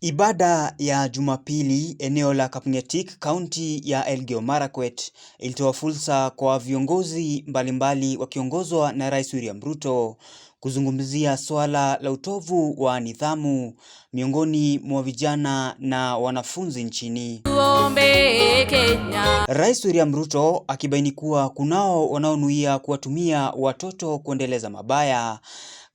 Ibada ya Jumapili eneo la Kapngetik, kaunti ya Elgeyo Marakwet ilitoa fursa kwa viongozi mbalimbali wakiongozwa na Rais William Ruto kuzungumzia swala la utovu wa nidhamu miongoni mwa vijana na wanafunzi nchini. Rais William Ruto akibaini kuwa kunao wanaonuia kuwatumia watoto kuendeleza mabaya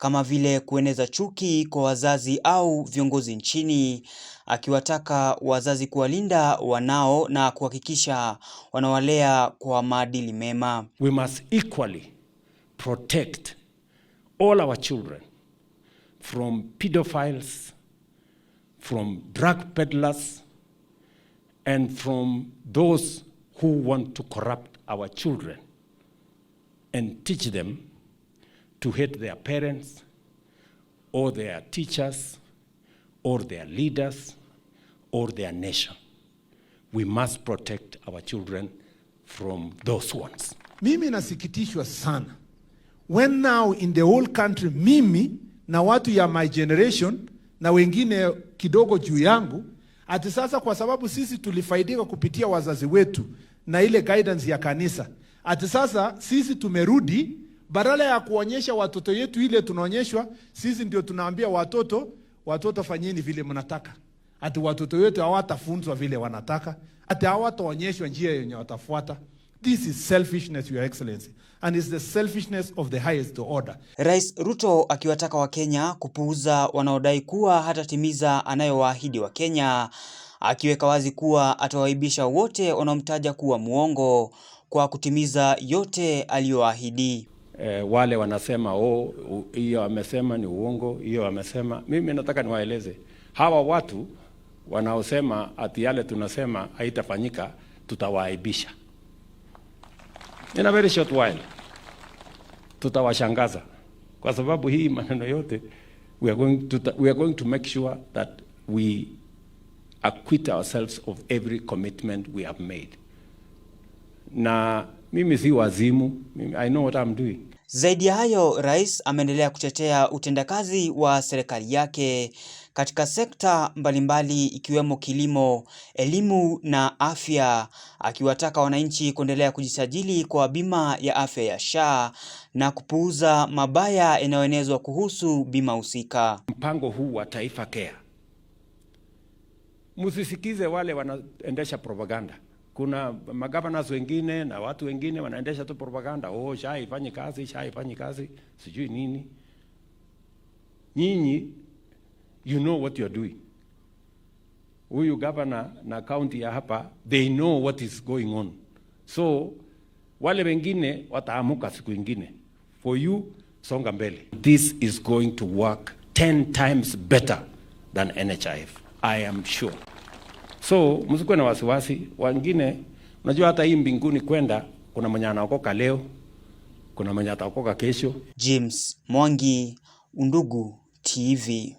kama vile kueneza chuki kwa wazazi au viongozi nchini, akiwataka wazazi kuwalinda wanao na kuhakikisha wanawalea kwa maadili mema. We must equally protect all our children from pedophiles, from drug peddlers and from those who want to corrupt our children and teach them to hate their parents or their teachers or their leaders or their nation. We must protect our children from those ones. Mimi nasikitishwa sana when now in the whole country mimi na watu ya my generation na wengine kidogo juu yangu, ati sasa kwa sababu sisi tulifaidika kupitia wazazi wetu na ile guidance ya kanisa, ati sasa sisi tumerudi badala ya kuonyesha watoto yetu ile tunaonyeshwa, sisi ndio tunaambia watoto, watoto fanyeni vile mnataka. Ati watoto wetu hawatafunzwa vile wanataka, ati hawataonyeshwa njia yenye watafuata. This is selfishness, Your Excellency, and is the selfishness of the highest order. Rais Ruto akiwataka Wakenya kupuuza wanaodai kuwa hatatimiza anayowaahidi Wakenya, akiweka wazi kuwa atawaibisha wote wanaomtaja kuwa muongo kwa kutimiza yote aliyoahidi. Eh, wale wanasema oh, ni uongo, hiyo Mimi nataka niwaeleze hawa watu wanaosema ati yale tunasema haitafanyika tutawaaibisha in a very short while, tutawashangaza kwa sababu hii maneno yote we are going to, we are going to make sure that we acquit ourselves of every commitment we have made na Mimi si wazimu, mimi, I know what I'm doing. Zaidi ya hayo, rais ameendelea kutetea utendakazi wa serikali yake katika sekta mbalimbali ikiwemo kilimo, elimu na afya, akiwataka wananchi kuendelea kujisajili kwa bima ya afya ya SHA na kupuuza mabaya yanayoenezwa kuhusu bima husika. Mpango huu wa Taifa Care, msisikize wale wanaendesha propaganda kuna magavanas wengine na watu wengine wanaendesha tu propaganda, oh, chai ifanye kazi, chai ifanye kazi, sijui nini. Nyinyi you know what you are doing. Huyu gavana na kaunti ya hapa they know what is going on, so wale wengine wataamuka siku ingine. For you, songa mbele. This is going to work 10 times better than NHIF, I am sure. So msikuwe na wasiwasi. Wengine unajua hata hii mbinguni kwenda, kuna mwenye anaokoka leo, kuna mwenye ataokoka kesho. James Mwangi, Undugu TV.